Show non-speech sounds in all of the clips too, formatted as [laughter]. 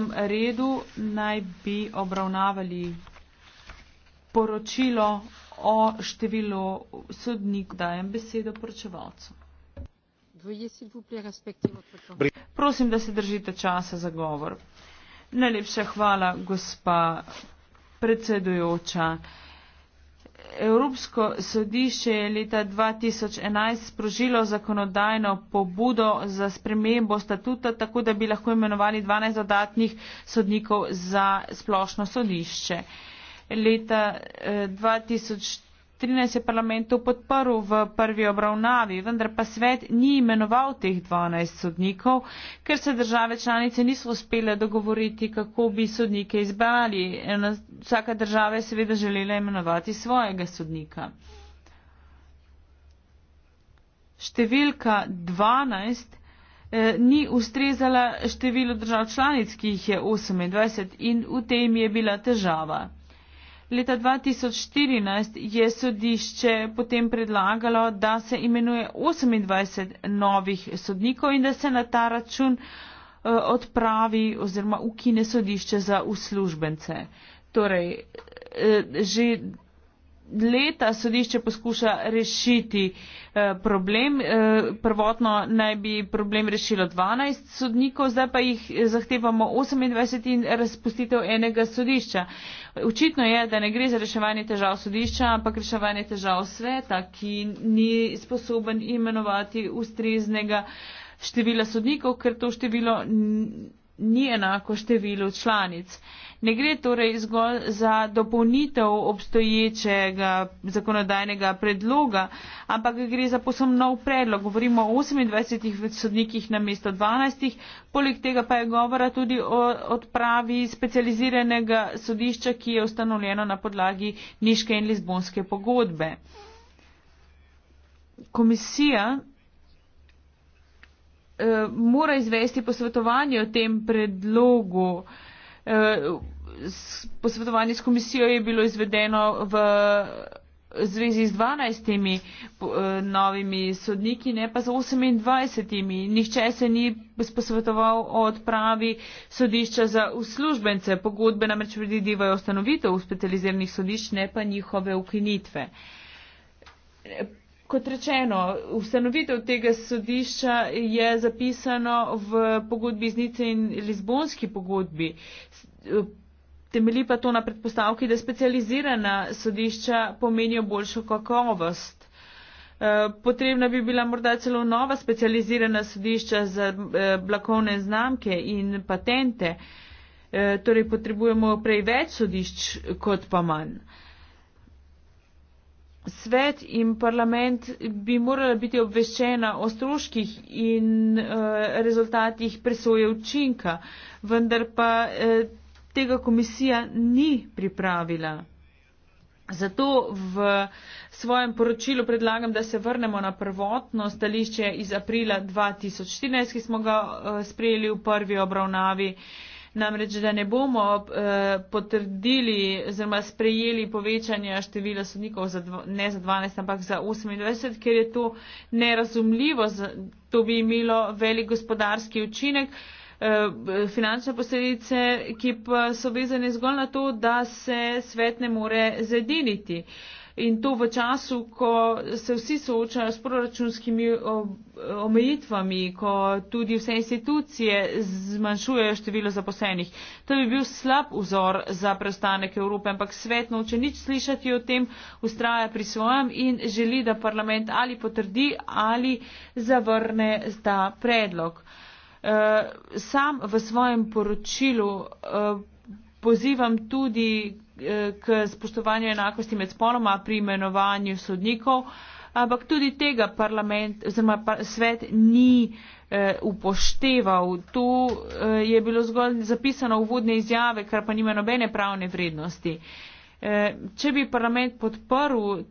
vrstnem redu naj bi obravnavali poročilo o številu sodnik. Dajem besedo poročevalcu. Prosim, da se držite časa za govor. Najlepša hvala, gospa predsedujoča. Evropsko sodišče je leta 2011 sprožilo zakonodajno pobudo za spremembo statuta, tako da bi lahko imenovali 12 dodatnih sodnikov za splošno sodišče. Leta 2014 eh, 13 je parlamentov podprl v prvi obravnavi, vendar pa svet ni imenoval teh 12 sodnikov, ker se države članice niso uspele dogovoriti, kako bi sodnike izbrali. Eno, vsaka država je seveda želela imenovati svojega sodnika. Številka 12 eh, ni ustrezala številu držav članic, ki jih je 28 in v tem je bila težava. Leta 2014 je sodišče potem predlagalo, da se imenuje 28 novih sodnikov in da se na ta račun e, odpravi oziroma ukine sodišče za uslužbence. Torej, e, že leta sodišče poskuša rešiti eh, problem. Eh, prvotno naj bi problem rešilo 12 sodnikov, zdaj pa jih zahtevamo 28 in razpustitev enega sodišča. Očitno je, da ne gre za reševanje težav sodišča, ampak reševanje težav sveta, ki ni sposoben imenovati ustreznega števila sodnikov, ker to število ni enako število članic. Ne gre torej zgolj za dopolnitev obstoječega zakonodajnega predloga, ampak gre za posebno nov predlog. Govorimo o 28 sodnikih na mesto 12, poleg tega pa je govora tudi o odpravi specializiranega sodišča, ki je ustanovljeno na podlagi Niške in Lizbonske pogodbe. Komisija eh, mora izvesti posvetovanje o tem predlogu. Eh, Eh, posvetovanje s komisijo je bilo izvedeno v zvezi z 12 eh, novimi sodniki, ne pa z 28. Nihče se ni posvetoval o odpravi sodišča za uslužbence. Pogodbe namreč predvidevajo ustanovitev specializiranih sodišč, ne pa njihove ukinitve. Kot rečeno, ustanovitev tega sodišča je zapisano v pogodbi iznice in Lizbonski pogodbi. Eh, Temeli pa to na predpostavki, da specializirana sodišča pomenijo boljšo kakovost. Eh, potrebna bi bila morda celo nova specializirana sodišča za eh, blakovne znamke in patente. Torej potrebujemo prej več sodišč kot pa manj svet in parlament bi morala biti obveščena o stroških in e, rezultatih presoje učinka, vendar pa e, tega komisija ni pripravila. Zato v svojem poročilu predlagam, da se vrnemo na prvotno stališče iz aprila 2014, ki smo ga eh, sprejeli v prvi obravnavi. E, namreč da ne bomo eh, potrdili oziroma sprejeli povečanje števila sodnikov za dvo, ne za 12, ampak za 28, ker je to nerazumljivo, to bi imelo velik gospodarski učinek, eh, finančne posledice, ki pa so vezane zgolj na to, da se svet ne more zediniti. Eh, in to v času, ko se vsi soočajo s proračunskimi omejitvami, ko tudi vse institucije zmanjšujejo število zaposlenih. To bi bil slab vzor za preostanek Evrope, ampak svet noče nič slišati o tem, ustraja pri svojem in želi, da parlament ali potrdi ali zavrne ta predlog. E, sam v svojem poročilu e, pozivam tudi k spoštovanju enakosti med spoloma pri imenovanju sodnikov, ampak tudi tega parlament oziroma svet ni eh, upošteval. To eh, je bilo zgolj zapisano v vodne izjave, kar pa nima nobene pravne vrednosti. Eh, če bi parlament podprl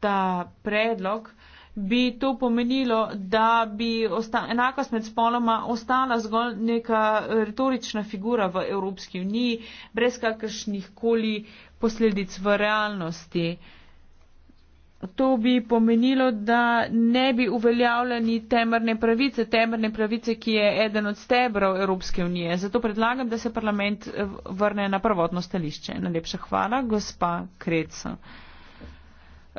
ta predlog, bi to pomenilo, da bi osta, enakost med spoloma ostala zgolj neka eh, retorična figura v Evropski uniji, brez kakršnih koli posledic v realnosti. To bi pomenilo, da ne bi uveljavljali temrne pravice, temrne pravice, ki je eden od stebrov Evropske unije. Zato predlagam, da se parlament eh, vrne na prvotno stališče. Najlepša hvala, gospa Kreca.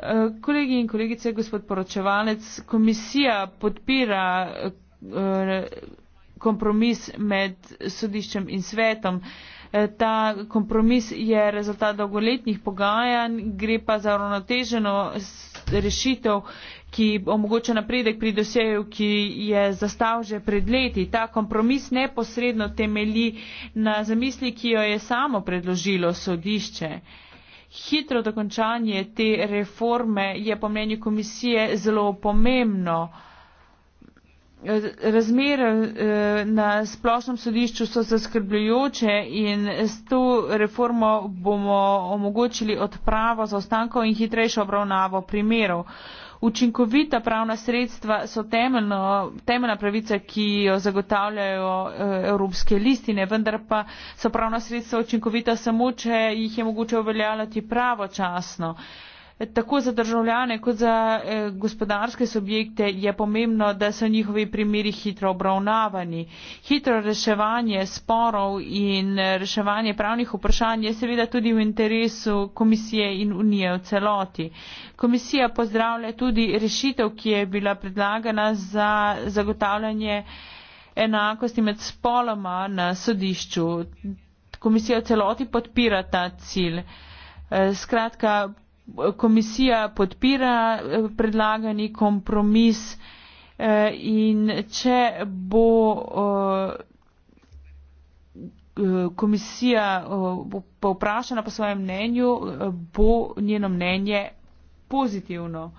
Eh, kolegi in kolegice, gospod poročevalec, komisija podpira eh, kompromis med sodiščem in svetom. Eh, ta kompromis je rezultat dolgoletnih pogajanj, gre pa za uravnoteženo rešitev, ki omogoča napredek pri doseju, ki je zastav že pred leti. Ta kompromis neposredno temelji na zamisli, ki jo je samo predložilo sodišče hitro dokončanje te reforme je po mnenju komisije zelo pomembno. Razmere eh, na splošnem sodišču so zaskrbljujoče in s to reformo bomo omogočili odpravo zaostankov in hitrejšo obravnavo primerov učinkovita pravna sredstva so temeljno, temeljna pravica, ki jo zagotavljajo eh, evropske listine, vendar pa so pravna sredstva učinkovita samo, če jih je mogoče uveljavljati pravočasno tako za državljane kot za eh, gospodarske subjekte je pomembno, da so njihovi primeri hitro obravnavani. Hitro reševanje sporov in eh, reševanje pravnih vprašanj je seveda tudi v interesu komisije in unije v celoti. Komisija pozdravlja tudi rešitev, ki je bila predlagana za zagotavljanje enakosti med spoloma na sodišču. Komisija v celoti podpira ta cilj. Eh, skratka, komisija podpira eh, predlagani kompromis eh, in če bo eh, komisija povprašana po svojem mnenju, bo njeno mnenje pozitivno.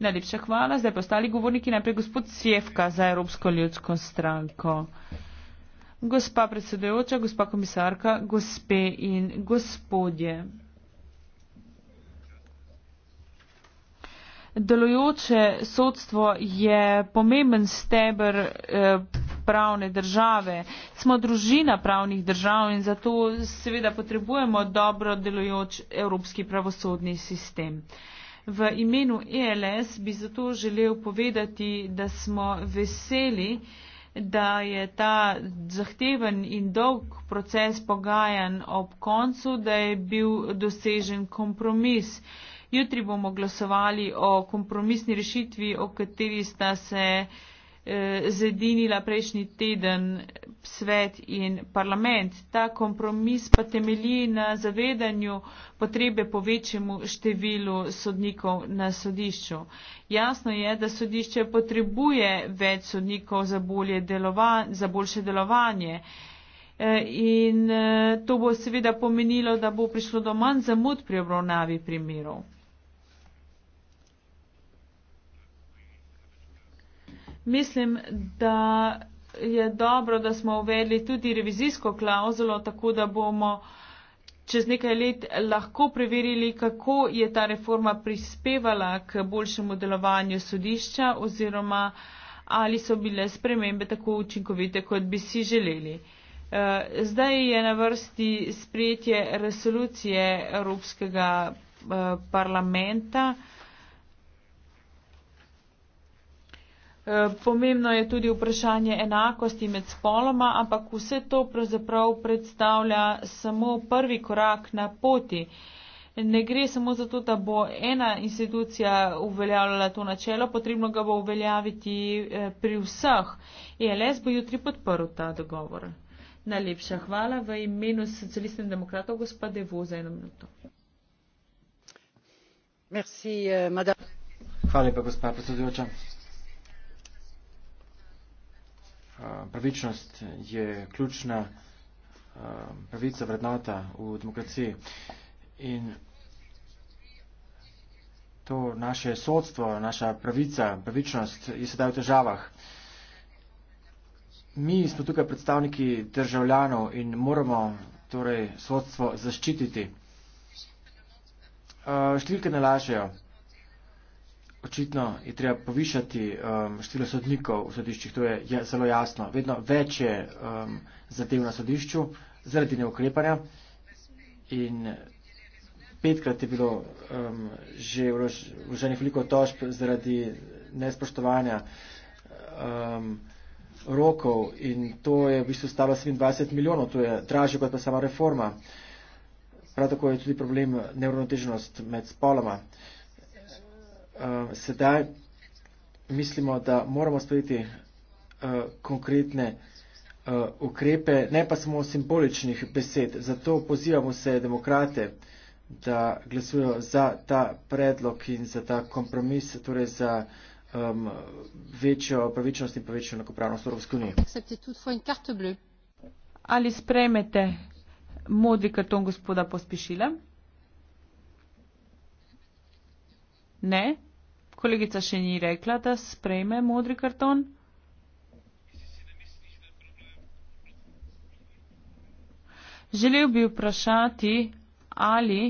Najlepša hvala. Zdaj pa ostali govorniki, najprej gospod Cjevka za Evropsko ljudsko stranko. Gospa predsedujoča, gospa komisarka, gospe in gospodje. delujoče sodstvo je pomemben steber eh, pravne države. Smo družina pravnih držav in zato seveda potrebujemo dobro delujoč evropski pravosodni sistem. V imenu ELS bi zato želel povedati, da smo veseli, da je ta zahteven in dolg proces pogajan ob koncu, da je bil dosežen kompromis. Uh, Jutri bomo glasovali o kompromisni rešitvi, o kateri sta se e, zedinila prejšnji teden svet in parlament. Ta kompromis pa temelji na zavedanju potrebe po večjemu številu sodnikov na sodišču. Jasno je, da sodišče potrebuje več sodnikov za, bolje delovan za boljše delovanje. E, in e, to bo seveda pomenilo, da bo prišlo do manj zamud pri obravnavi primerov. Mislim, da je dobro, da smo uvedli tudi revizijsko klauzulo, tako da bomo čez nekaj let lahko preverili, kako je ta reforma prispevala k boljšemu delovanju sodišča oziroma ali so bile spremembe tako učinkovite, kot bi si želeli. Eh, zdaj je na vrsti sprejetje resolucije Evropskega eh, parlamenta, Eh, pomembno je tudi vprašanje enakosti med spoloma, ampak vse to pravzaprav predstavlja samo prvi korak na poti. Ne gre samo za to, da bo ena institucija uveljavljala to načelo, potrebno ga bo uveljaviti eh, pri vseh. ELS bo jutri podprl ta dogovor. Najlepša hvala v imenu socialistov in demokratov, gospod Devo, za eno minuto. Merci, eh, Hvala lepa, gospod predsedujoča. pravičnost je ključna pravica vrednota v demokraciji. In to naše sodstvo, naša pravica, pravičnost je sedaj v težavah. Mi smo tukaj predstavniki državljanov in moramo torej sodstvo zaščititi. Uh, številke ne lažejo očitno je treba povišati um, število sodnikov v sodiščih, to je, je zelo jasno. Vedno več je um, zadev na sodišču zaradi neukrepanja in petkrat je bilo um, že vloženih veliko tožb zaradi nespoštovanja um, rokov in to je v bistvu stalo 27 milijonov, to je dražje kot pa sama reforma. Prav tako je tudi problem neuronoteženost med spoloma. Uh, uh, sedaj mislimo, da moramo sprejeti uh, konkretne uh, ukrepe, ne pa samo simboličnih besed. Zato pozivamo vse demokrate, da glasujo za ta predlog in za ta kompromis, torej za um, večjo pravičnost in povečjo enakopravnost Evropske unije. Ali sprejmete modri karton gospoda pospešile? Ne. Kolegica še ni rekla, da sprejme modri karton. Želel bi vprašati, ali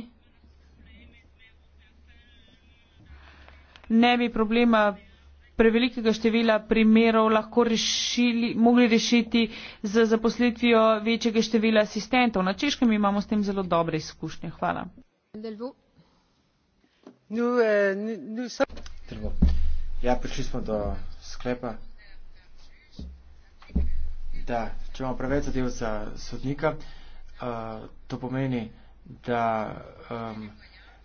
ne bi problema prevelikega števila primerov lahko rešili, mogli rešiti z zaposlitvijo večjega števila asistentov. Na češkem imamo s tem zelo dobre izkušnje. Hvala. Nous, euh, nous, nous sommes trgu. Ja, prišli smo do sklepa, da če imamo preveč zadev za sodnika, uh, to pomeni, da um,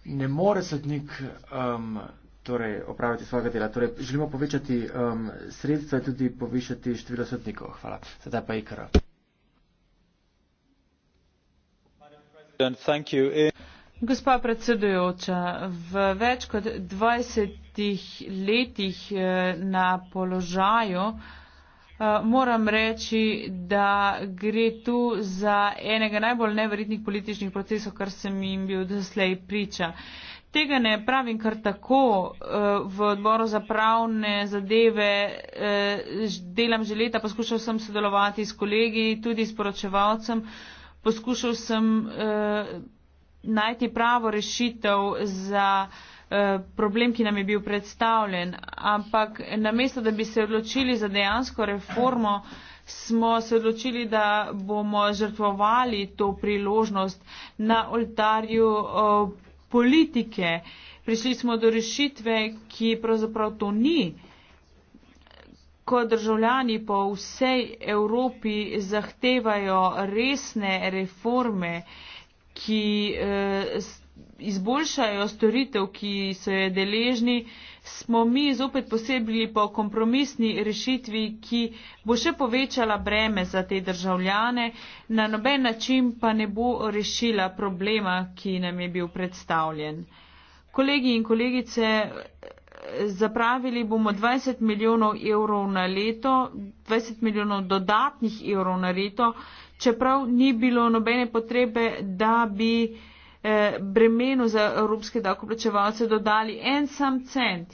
ne more sodnik um, torej, opraviti svojega dela. Torej, želimo povečati um, sredstva in tudi povišati število sodnikov. Hvala. Sedaj pa Ikaro. Thank you. Gospa predsedujoča, v več kot 20 letih eh, na položaju eh, moram reči, da gre tu za enega najbolj neverjetnih političnih procesov, kar sem jim bil doslej priča. Tega ne pravim kar tako eh, v odboru za pravne zadeve, delam že leta, poskušal sem sodelovati s kolegi, tudi s poročevalcem, poskušal sem najti pravo rešitev za eh, problem, ki nam je bil predstavljen. Ampak namesto, da bi se odločili za dejansko reformo, smo se odločili, da bomo žrtvovali to priložnost na oltarju eh, politike. Prišli smo do rešitve, ki pravzaprav to ni. Ko državljani po vsej Evropi zahtevajo resne reforme, ki eh, izboljšajo storitev, ki so je deležni, smo mi zopet posebili po kompromisni rešitvi, ki bo še povečala breme za te državljane, na noben način pa ne bo rešila problema, ki nam je bil predstavljen. Kolegi in kolegice, zapravili bomo 20 milijonov evrov na leto, 20 milijonov dodatnih evrov na leto, čeprav ni bilo nobene potrebe, da bi eh, bremenu za evropske davkoplačevalce dodali en sam cent.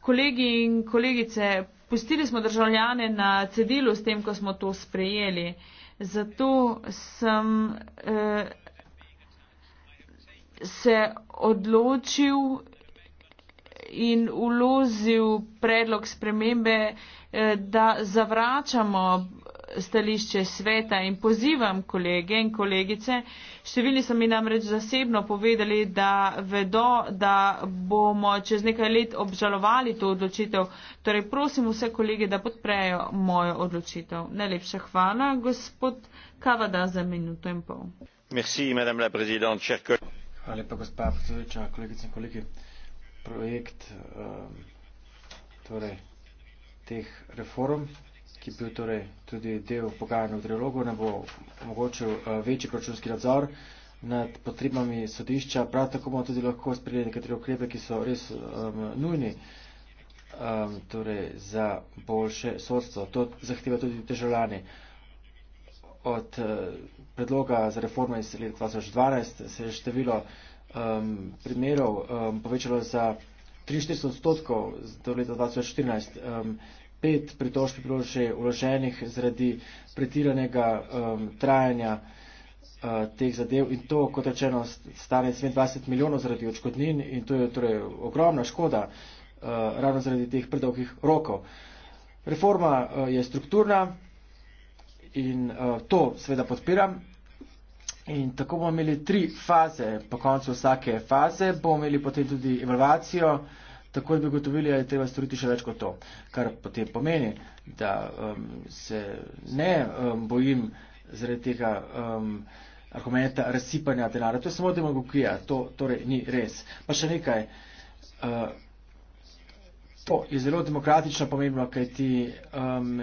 Kolegi in kolegice, pustili smo državljane na cedilu s tem, ko smo to sprejeli. Zato sem eh, se odločil in uložil predlog spremembe, eh, da zavračamo stališče sveta in pozivam kolege in kolegice. Številni so mi namreč zasebno povedali, da vedo, da bomo čez nekaj let obžalovali to odločitev. Torej prosim vse kolege, da podprejo mojo odločitev. Najlepša hvala, gospod Kavada, za minuto in pol. Merci, Hvala lepa, gospa predsedujoča, kolegice in kolegi. Projekt um, torej, teh reform, ki je bil torej tudi del pogajanja v trilogu, ne bo omogočil eh, večji proračunski nadzor nad potrebami sodišča. Prav tako bomo tudi lahko sprejeli nekatere ukrepe, ki so res um, nujni um, torej za boljše sodstvo. To zahteva tudi državljani. Od uh, predloga za reformo iz leta 2012 se je število um, primerov um, povečalo za 43 odstotkov do leta 2014. Um, pet pritožb je bilo že uloženih zaradi pretiranega um, trajanja uh, teh zadev in to, kot rečeno, stane 27 milijonov zaradi očkodnin in to je torej ogromna škoda uh, ravno zaradi teh predolgih rokov. Reforma uh, je strukturna in uh, to sveda podpiram. In tako bomo imeli tri faze, po koncu vsake faze bomo imeli potem tudi evalvacijo takoj bi gotovili, da je treba storiti še več kot to. Kar potem pomeni, da um, se ne um, bojim zaradi tega um, argumenta razsipanja denara. To je samo demagogija, to torej ni res. Pa še nekaj. Uh, to je zelo demokratično pomembno, kaj ti. Um,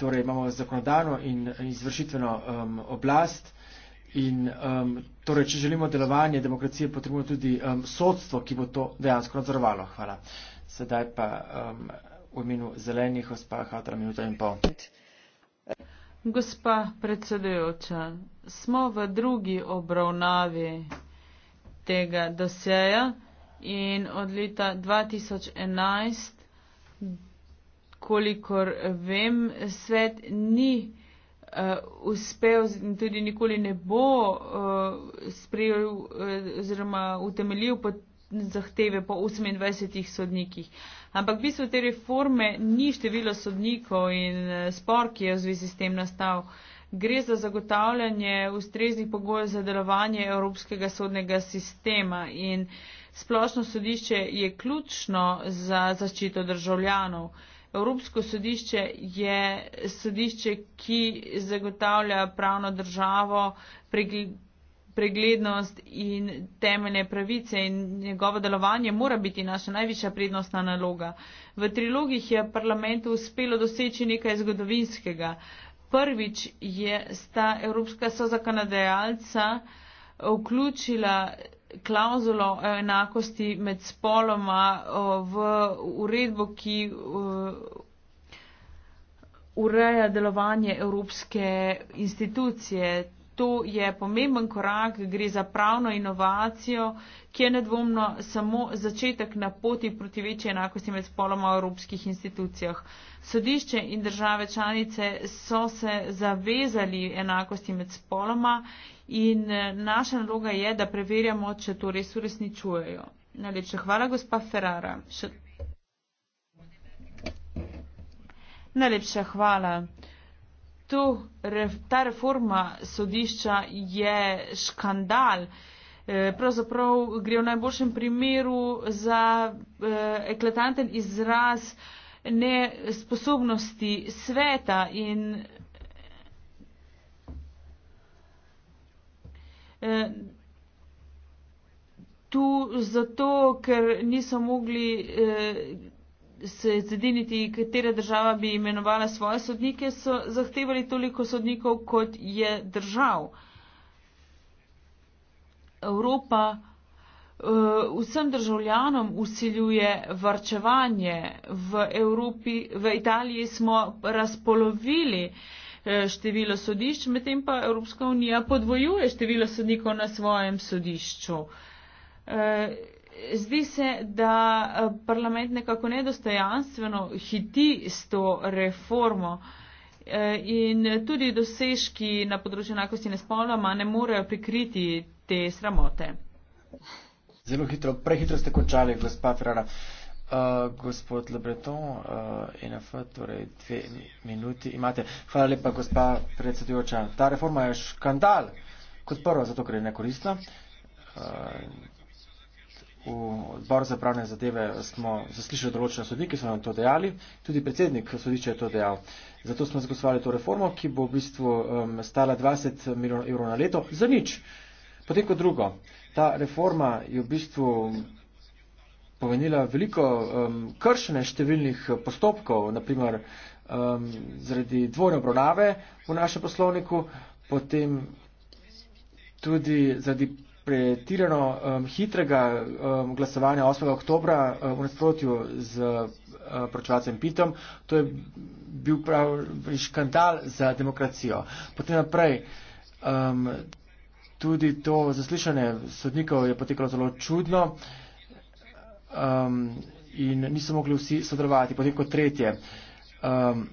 torej imamo zakonodano in izvršitveno um, oblast. In um, torej, če želimo delovanje demokracije, potrebujemo tudi um, sodstvo, ki bo to dejansko nadzorovalo. Hvala. Sedaj pa um, v imenu zelenih gospa Hatra minuta in pol. Gospa predsedujoča, smo v drugi obravnavi tega doseja in od leta 2011, kolikor vem, svet ni uh, uspel in tudi nikoli ne bo uh, sprejel eh, oziroma uh, utemeljil pod zahteve po 28 sodnikih. Ampak bistvo te reforme ni število sodnikov in spor, ki je v zvezi s tem nastal. Gre za zagotavljanje ustreznih pogojev za delovanje evropskega sodnega sistema in splošno sodišče je ključno za zaščito državljanov. Uh, Evropsko sodišče je sodišče, ki zagotavlja pravno državo, preglednost in temeljne pravice in njegovo delovanje mora biti naša najvišja prednostna naloga. V trilogih je parlamentu uspelo doseči nekaj zgodovinskega. Prvič je sta Evropska sozakonodajalca vključila klauzulo o enakosti med spoloma v uredbo, ki ureja delovanje evropske institucije. To je pomemben korak, gre za pravno inovacijo, ki je nedvomno samo začetek na poti proti večji enakosti med spoloma v evropskih institucijah. Sodišče in države članice so se zavezali enakosti med spoloma In eh, naša naloga je, da preverjamo, če to res uresničujejo. Najlepša hvala, gospa Ferrara. Še... Najlepša hvala. To, ta reforma sodišča je škandal. Eh, pravzaprav gre v najboljšem primeru za eh, ekletanten izraz nesposobnosti sveta in tu zato, ker niso mogli eh, se zediniti, katera država bi imenovala svoje sodnike, so zahtevali toliko sodnikov, kot je držav. Evropa eh, vsem državljanom usiljuje varčevanje. V, Evropi, v Italiji smo razpolovili eh, Eh, število sodišč, medtem pa Evropska unija podvojuje število sodnikov na svojem sodišču. Eh, zdi se, da eh, parlament nekako nedostojanstveno hiti s to reformo in tudi dosežki na področju enakosti na spoloma ne morejo prikriti te sramote. Zelo hitro, prehitro ste končali, gospod Ferrara. Uh, gospod Lebreton, uh, e NF, torej dve minuti imate. Hvala lepa, gospa predsedujoča. Ta reforma je škandal. Kot prvo, zato ker je nekoristna. Uh, v odboru za pravne zadeve smo zaslišali določene sodnike, so nam to dejali, tudi predsednik sodišča je to dejal. Zato smo zagosovali to reformo, ki bo v bistvu um, stala 20 milijonov evrov na leto za nič. Potem kot drugo, ta reforma je v bistvu pomenila veliko um, kršene številnih postopkov, naprimer um, zaradi dvojne obravnave v našem poslovniku, potem tudi zaradi pretirano um, hitrega um, glasovanja 8. oktobra um, v nasprotju z um, eh, pročevalcem Pitom. To je bil pravi škandal za demokracijo. Potem naprej. Um, tudi to zaslišanje sodnikov je potekalo zelo čudno. Um, um, in niso mogli vsi sodelovati. Potem kot tretje, um,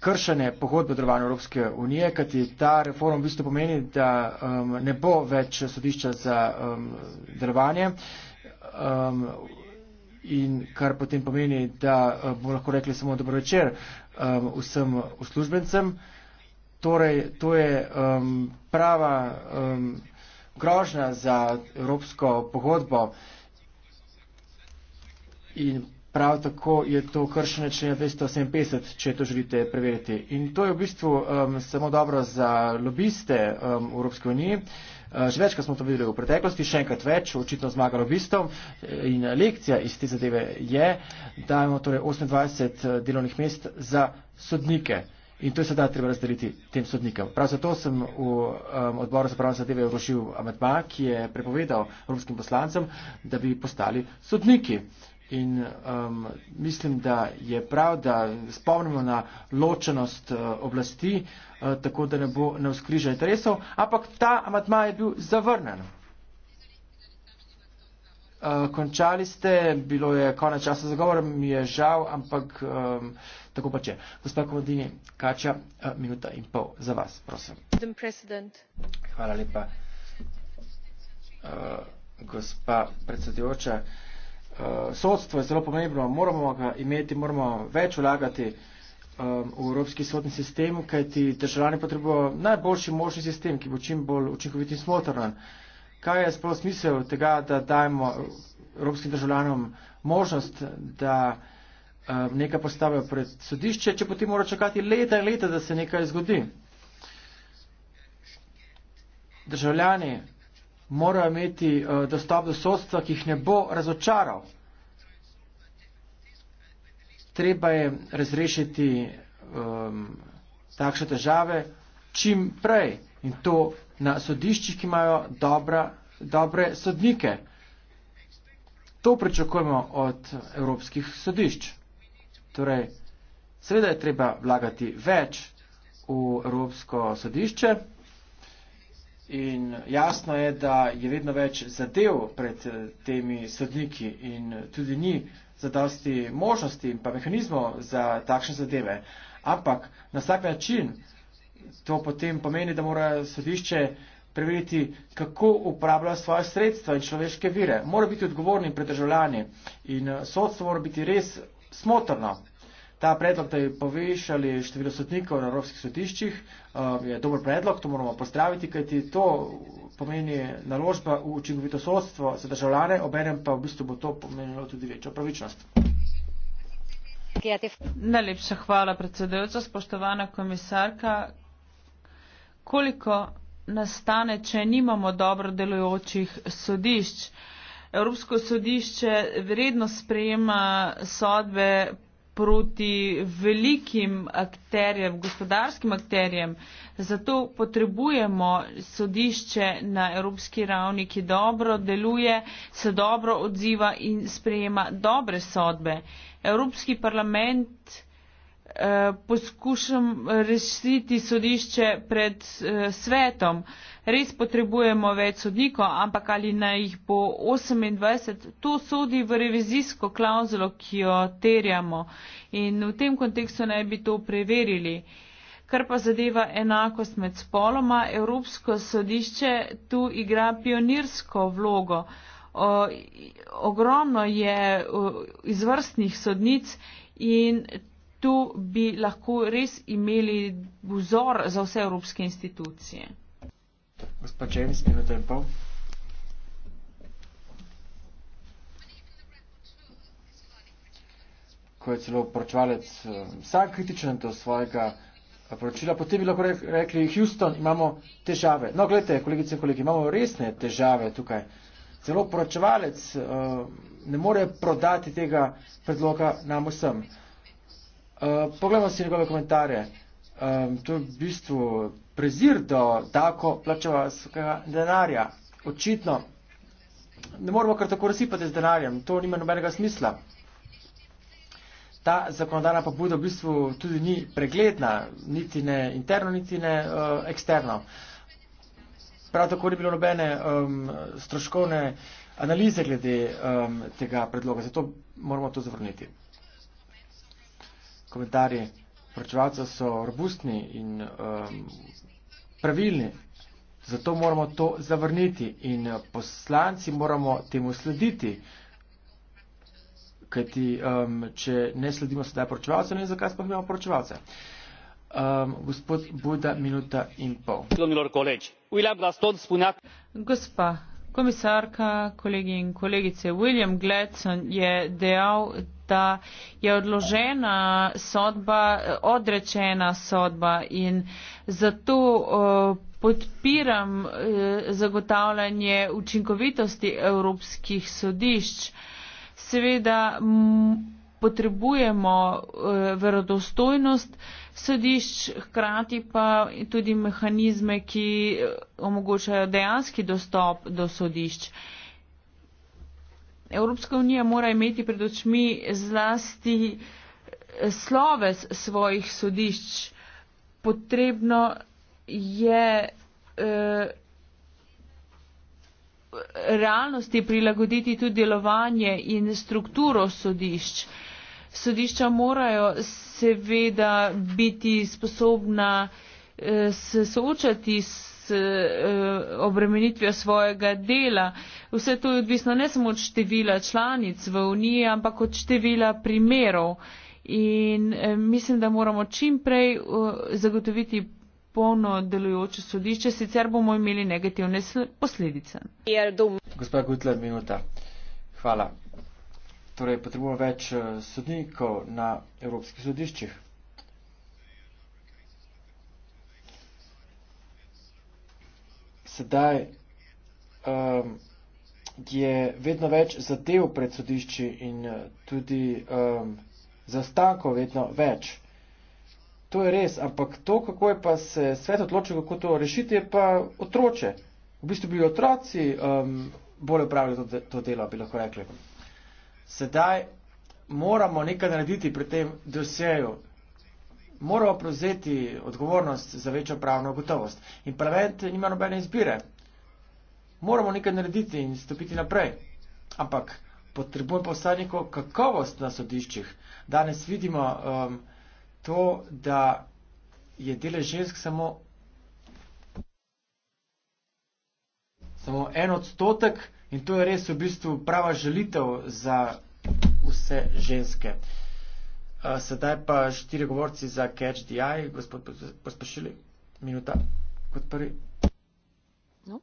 kršene pogodbe drvanja Evropske unije, kajti ta reform v bistvu pomeni, da um, ne bo več sodišča za um, drvanje. Um, in kar potem pomeni, da uh, bomo lahko rekli samo dobro večer um, vsem uslužbencem. Torej, to je um, prava um, grožnja za evropsko pogodbo. Uh, In prav tako je to kršene člena 258, če to želite preveriti. In to je v bistvu um, samo dobro za lobiste um, v Evropske unije. Uh, že večkrat smo to videli v preteklosti, še enkrat več, očitno zmaga lobistom in lekcija iz te zadeve je, da imamo torej 28 uh, delovnih mest za sodnike in to je sedaj treba razdeliti tem sodnikom. Prav zato sem v um, odboru za pravne zadeve vložil amatma, ki je prepovedal evropskim poslancem, da bi postali sodniki. In um, mislim, da je prav, da spomnimo na ločenost uh, oblasti, uh, tako da ne bo na vzkrižje interesov, ampak ta amatma je bil zavrnen. Uh, končali ste, bilo je konec časa za govor, mi je žal, ampak um, tako pa če. Gospod Komodini, kača uh, minuta in pol za vas, prosim. Hvala lepa, uh, gospa predsedujoča. Uh, Eh, sodstvo je zelo pomembno, moramo ga imeti, moramo več vlagati ehm, v evropski sodni sistem, kajti državljani potrebujejo najboljši možni sistem, ki bo čim bolj učinkovit in smotrn. Kaj je sploh smisel tega, da dajemo evropskim državljanom možnost, da ehm, nekaj postavijo pred sodišče, če potem mora čakati leta in leta, da se nekaj zgodi. Državljani morajo imeti uh, dostop do sodstva, ki jih ne bo razočaral. Treba je razrešiti um, takšne težave čim prej in to na sodiščih, ki imajo dobra, dobre sodnike. To pričakujemo od evropskih sodišč. Torej, seveda je treba vlagati več v Evropsko sodišče. In jasno je, da je vedno več zadev pred eh, temi sodniki in tudi ni zadosti možnosti in pa mehanizmov za takšne zadeve. Ampak na vsak način to potem pomeni, da mora sodišče preveriti, kako uporablja svoje sredstva in človeške vire. Mora biti odgovorni pred državljani in sodstvo mora biti res smotrno. Ta predlog, da bi povišali število sodnikov na evropskih sodiščih, um, je dober predlog, to moramo pozdraviti, kajti to pomeni naložba v učinkovito sodstvo za državljane, obenem pa v bistvu bo to pomenilo tudi večjo pravičnost. Najlepša hvala, predsedujoča. Spoštovana komisarka, koliko nastane, če nimamo dobro delujočih sodišč? Evropsko sodišče vredno sprejema sodbe proti velikim akterjem, gospodarskim akterjem. Zato potrebujemo sodišče na evropski ravni, ki dobro deluje, se dobro odziva in sprejema dobre sodbe. Evropski parlament eh, poskušam rešiti sodišče pred eh, svetom. Eh, res potrebujemo več sodnikov, ampak ali na jih bo 28, to sodi v revizijsko klauzulo, ki jo terjamo. In v tem kontekstu naj bi to preverili. Kar pa zadeva enakost med spoloma, Evropsko sodišče tu igra pionirsko vlogo. O, ogromno je o, izvrstnih sodnic in tu bi lahko res imeli vzor za vse evropske institucije. Gospod James, minuto in pol. Ko je celo poročevalec eh, sam kritičen do svojega eh, poročila, potem bi lahko rekli, Houston, imamo težave. No, gledajte, kolegice in kolegi, imamo resne težave tukaj. Celo poročevalec uh, ne more prodati tega predloga nam vsem. Uh, Poglejmo si njegove komentarje. Um, to je v bistvu prezir do tako plačevalskega denarja. Očitno, ne moramo kar tako razsipati z denarjem, to nima nobenega smisla. Ta zakonodajna pobuda v bistvu tudi ni pregledna, niti ne interno, niti ne uh, eksterno. Prav tako ni bilo nobene um, stroškovne analize glede um, tega predloga, zato moramo to zavrniti. Komentarji. Vrčevalca so robustni in um, pravilni, zato moramo to zavrniti in uh, poslanci moramo temu slediti. Kajti, um, če ne sledimo sedaj poročevalcev, ne vem, zakaj smo imeli poročevalce. Um, gospod Buda, minuta in pol. Gospa, Komisarka, kolegi in kolegice, William Gladson je dejal, da je odložena sodba, odrečena sodba in zato podpiram e, zagotavljanje učinkovitosti evropskih sodišč. Seveda potrebujemo eh, verodostojnost sodišč, hkrati pa tudi mehanizme, ki eh, omogočajo dejanski dostop do sodišč. Evropska unija mora imeti pred očmi zlasti eh, sloves svojih sodišč. Potrebno je realnosti prilagoditi tudi delovanje in strukturo sodišč sodišča morajo seveda biti sposobna eh, se soočati s eh, obremenitvijo svojega dela. Vse to je odvisno ne samo od števila članic v Uniji, ampak od števila primerov. In eh, mislim, da moramo čim prej zagotoviti polno delujoče sodišče, sicer bomo imeli negativne posledice. Gospa Gutler, minuta. Hvala torej potrebujemo več eh, sodnikov na evropskih sodiščih. Sedaj um, je vedno več zadev pred sodišči in eh, tudi um, ehm, zastankov vedno več. To je res, ampak to, kako je pa se svet odločil, kako to rešiti, je pa otroče. V bistvu bi otroci um, bolje upravljali to, de to delo, bi lahko rekli sedaj moramo nekaj narediti pri tem doseju. Moramo prevzeti odgovornost za večjo pravno gotovost. In parlament nima nobene izbire. Moramo nekaj narediti in stopiti naprej. Ampak potrebujemo pa vsaj neko kakovost na sodiščih. Danes vidimo um, to, da je delež žensk samo, samo en odstotek. In to je res v bistvu prava želitev za vse ženske. Uh, sedaj pa štiri govorci za Catch the Eye. Gospod, pospešili minuta kot prvi. No.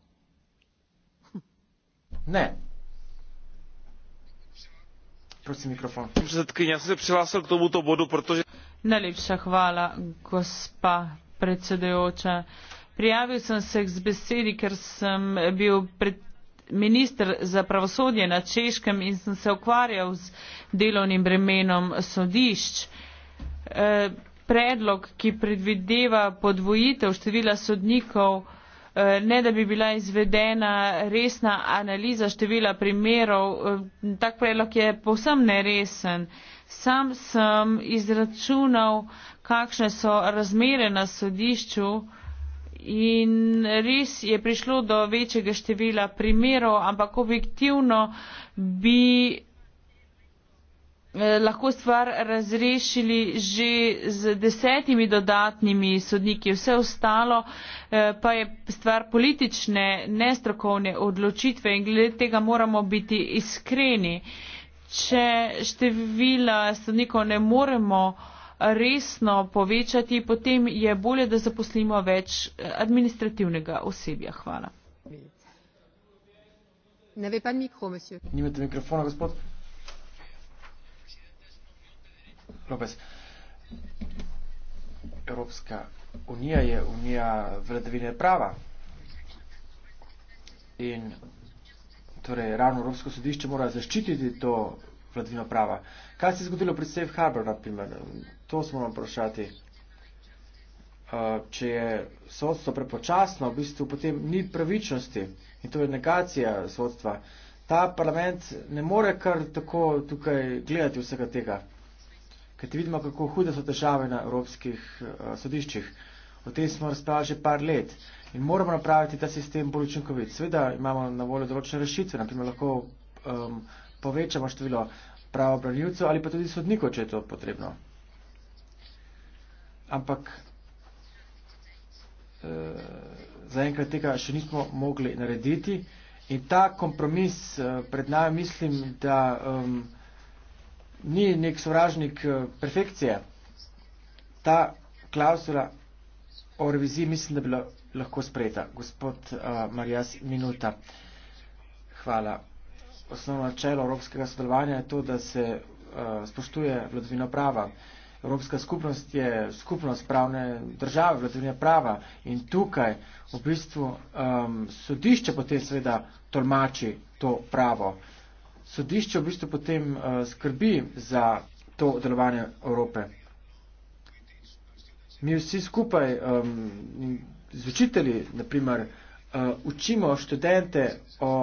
[laughs] ne. Prosim, mikrofon. Predsedkinja, sem se prihlasil k tomuto bodu, protože... Najlepša hvala, gospa predsedujoča. Prijavil sem se k besedi, ker sem bil pred minister za pravosodje na češkem in sem se ukvarjal z delovnim bremenom sodišč. E, predlog, ki predvideva podvojitev števila sodnikov, e, ne da bi bila izvedena resna analiza števila primerov, e, tak predlog je povsem neresen. Sam sem izračunal, kakšne so razmere na sodišču, in res je prišlo do večjega števila primerov, ampak objektivno bi eh, lahko stvar razrešili že z desetimi dodatnimi sodniki. Vse ostalo eh, pa je stvar politične, nestrokovne odločitve in glede tega moramo biti iskreni. Če števila sodnikov ne moremo resno povečati, potem je bolje, da zaposlimo več eh, administrativnega osebja. Hvala. Mikro, Nimate mikrofona, gospod? Lopez. Evropska unija je unija vladavine prava. In torej ravno Evropsko sodišče mora zaščititi to vladavino prava. Kaj se je zgodilo pri Safe Harbor, naprimer? To smo vam vprašati. Eh, če je sodstvo prepočasno, v bistvu potem ni pravičnosti in to je negacija sodstva. Ta parlament ne more kar tako tukaj gledati vsega tega. Ker vidimo, kako hude so težave na evropskih eh, sodiščih. O tem smo razpravljali že par let in moramo napraviti ta sistem bolj učinkovit. Sveda imamo na voljo določene rešitve, naprimer lahko um, povečamo število pravobranilcev ali pa tudi sodnikov, če je to potrebno ampak e, zaenkrat tega še nismo mogli narediti. In ta kompromis eh, pred nami, mislim, da um, ni nek sovražnik eh, perfekcije. Ta klausula o reviziji mislim, da bi lahko sprejeta. Gospod uh, Marijas, minuta. Hvala. Osnovno načelo evropskega sodelovanja je to, da se uh, spoštuje vladovino prava. Uh, Evropska skupnost je skupnost pravne države, vladavine prava in tukaj v bistvu um, sodišče potem seveda tolmači to pravo. Sodišče v bistvu potem uh, skrbi za to delovanje Evrope. Mi vsi skupaj um, z učitelji, naprimer, uh, učimo študente o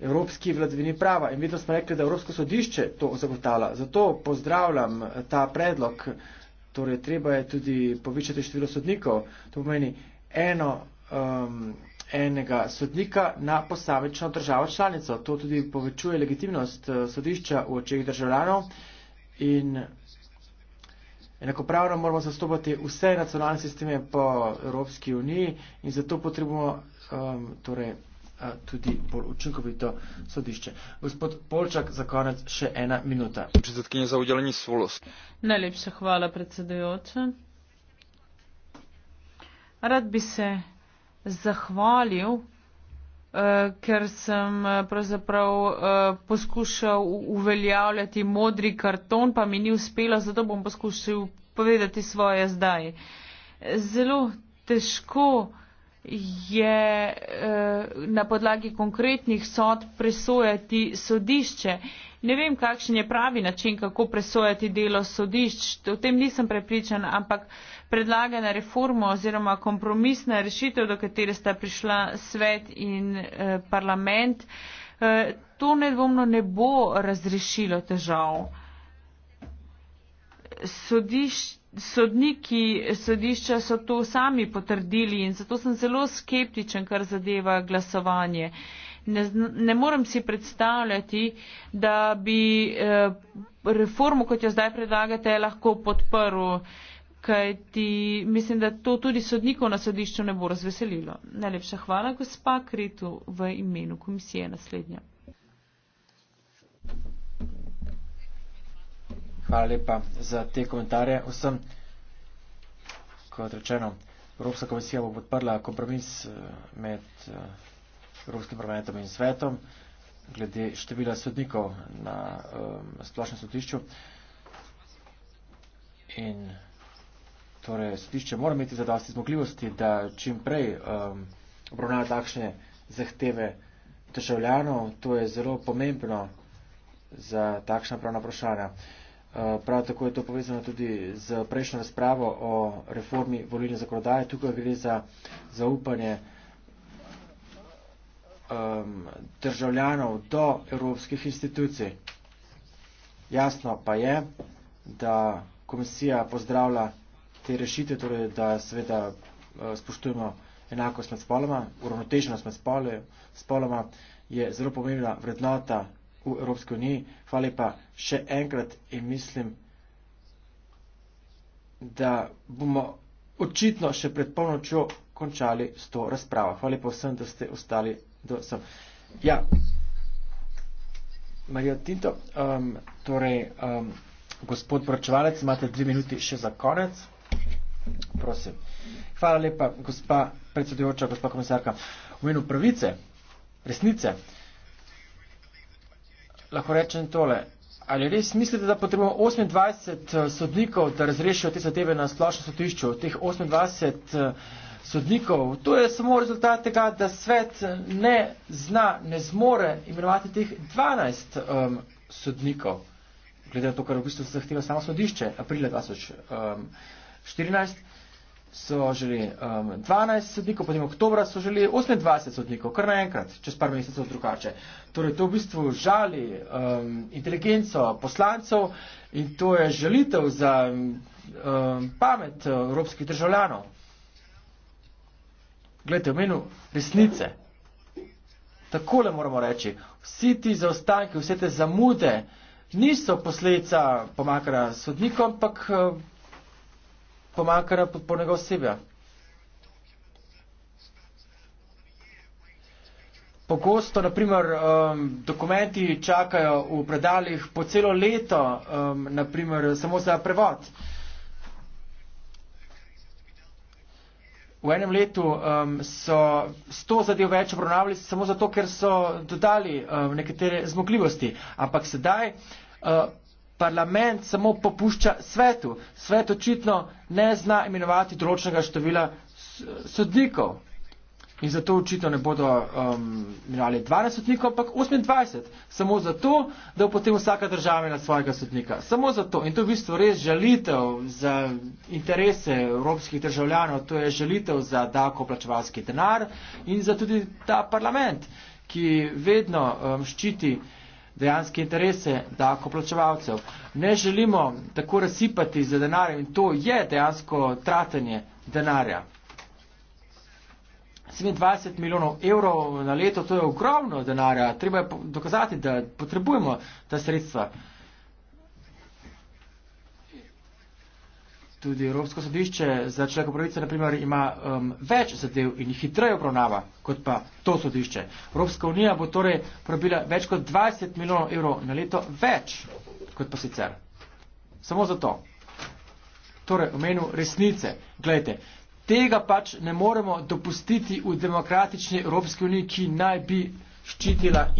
evropski vladavini prava. In vedno smo rekli, da Evropsko sodišče to zagotavlja. Zato pozdravljam eh, ta predlog, torej treba je tudi povečati število sodnikov. To pomeni eno, um, enega sodnika na posamečno državo članico. To tudi povečuje legitimnost eh, sodišča v očeh državljanov. In Enakopravno moramo zastopati vse nacionalne sisteme po Evropski uniji in zato potrebujemo um, torej, tudi bolj učinkovito sodišče. Gospod Polčak, za konec še ena minuta. Predsedkinja za udeljenje solost. Najlepša hvala, predsedujoča. Rad bi se zahvalil, eh, ker sem eh, pravzaprav eh, poskušal uveljavljati modri karton, pa mi ni uspelo, zato bom poskušal povedati svoje zdaj. Zelo težko je eh, na podlagi konkretnih sod presojati sodišče. Ne vem, kakšen je pravi način, kako presojati delo sodišč, o tem nisem prepričan, ampak predlagana reforma oziroma kompromisna rešitev, do katere sta prišla svet in eh, parlament, eh, to nedvomno ne bo razrešilo težav. Sodišč sodniki sodišča so to sami potrdili in zato sem zelo skeptičen, kar zadeva glasovanje. Ne, ne morem si predstavljati, da bi eh, reformo, kot jo zdaj predlagate, lahko podprl, kajti mislim, da to tudi sodnikov na sodišču ne bo razveselilo. Najlepša hvala, gospa Kritu, v imenu komisije naslednja. Hvala lepa za te komentarje. Vsem, kot rečeno, Evropska komisija bo podprla kompromis eh, med eh, Evropskim parlamentom in svetom glede števila sodnikov na um, splošnem sodišču. In torej sodišče mora imeti zadosti zmogljivosti, da čim prej um, obravnava takšne zahteve državljanov. To je zelo pomembno za takšna pravna vprašanja. Uh, Eh, prav tako je to povezano tudi z prejšnjo razpravo o reformi volilne zakonodaje. Tukaj gre za zaupanje um, državljanov do evropskih institucij. Jasno pa je, da komisija pozdravlja te rešite, torej da seveda eh, spoštujemo enakost med spoloma, uravnotežnost med spoloma je zelo pomembna vrednota v Evropski uniji. Hvala lepa še enkrat in mislim, da bomo očitno še pred polnočjo končali s to razpravo. Hvala lepa vsem, da ste ostali do sem. Ja, Marijo Tinto, um, torej um, gospod poročevalec, imate dve minuti še za konec. Prosim. Hvala lepa, gospa predsedujoča, gospa komisarka. V imenu pravice, resnice, lahko rečem tole. Ali res mislite, da potrebujemo 28 eh, sodnikov, da razrešijo te zadeve na splošnem sodišču? Teh 28 eh, sodnikov, to je samo rezultat tega, da svet eh, ne zna, ne zmore imenovati teh 12 um, sodnikov. Glede na to, kar v bistvu zahteva samo sodišče, aprila 2014 so želeli um, 12 sodnikov, potem oktobra so želeli 28 sodnikov, kar naenkrat, čez par mesecev drugače. Torej, to v bistvu žali um, inteligenco poslancev in to je želitev za um, pamet uh, evropskih državljanov. Glejte, v menu resnice. Takole moramo reči, vsi ti zaostanki, vse te zamude niso posledica pomakanja sodnikov, ampak. Um, pomankanja podpornega osebja. Pogosto, naprimer, um, dokumenti čakajo v predaljih po celo leto, um, naprimer, samo za prevod. V enem letu um, so sto zadev več obravnavali samo zato, ker so dodali um, nekatere zmogljivosti. Ampak sedaj uh, parlament samo popušča svetu. Svet očitno ne zna imenovati določnega števila sodnikov. In zato očitno ne bodo um, imenovali 12 sodnikov, ampak 28. Samo zato, da bo potem vsaka država imela svojega sodnika. Samo zato. In to je v bistvu res žalitev za interese evropskih državljanov, to je žalitev za davkoplačevalski denar in za tudi ta parlament, ki vedno um, ščiti dejanske interese davkoplačevalcev. Ne želimo tako razsipati za denarjem in to je dejansko tratenje denarja. 27 milijonov evrov na leto, to je ogromno denarja. Treba je dokazati, da potrebujemo ta sredstva. Uh, Tudi Evropsko sodišče za človekove pravice naprimer, ima um, več zadev in jih hitreje obravnava kot pa to sodišče. Evropska unija bo torej porabila več kot 20 milijonov evrov na leto več kot pa sicer. Samo zato. Torej, v menu resnice. Glejte, tega pač ne moremo dopustiti v demokratični Evropski uniji, ki naj bi ščitila in.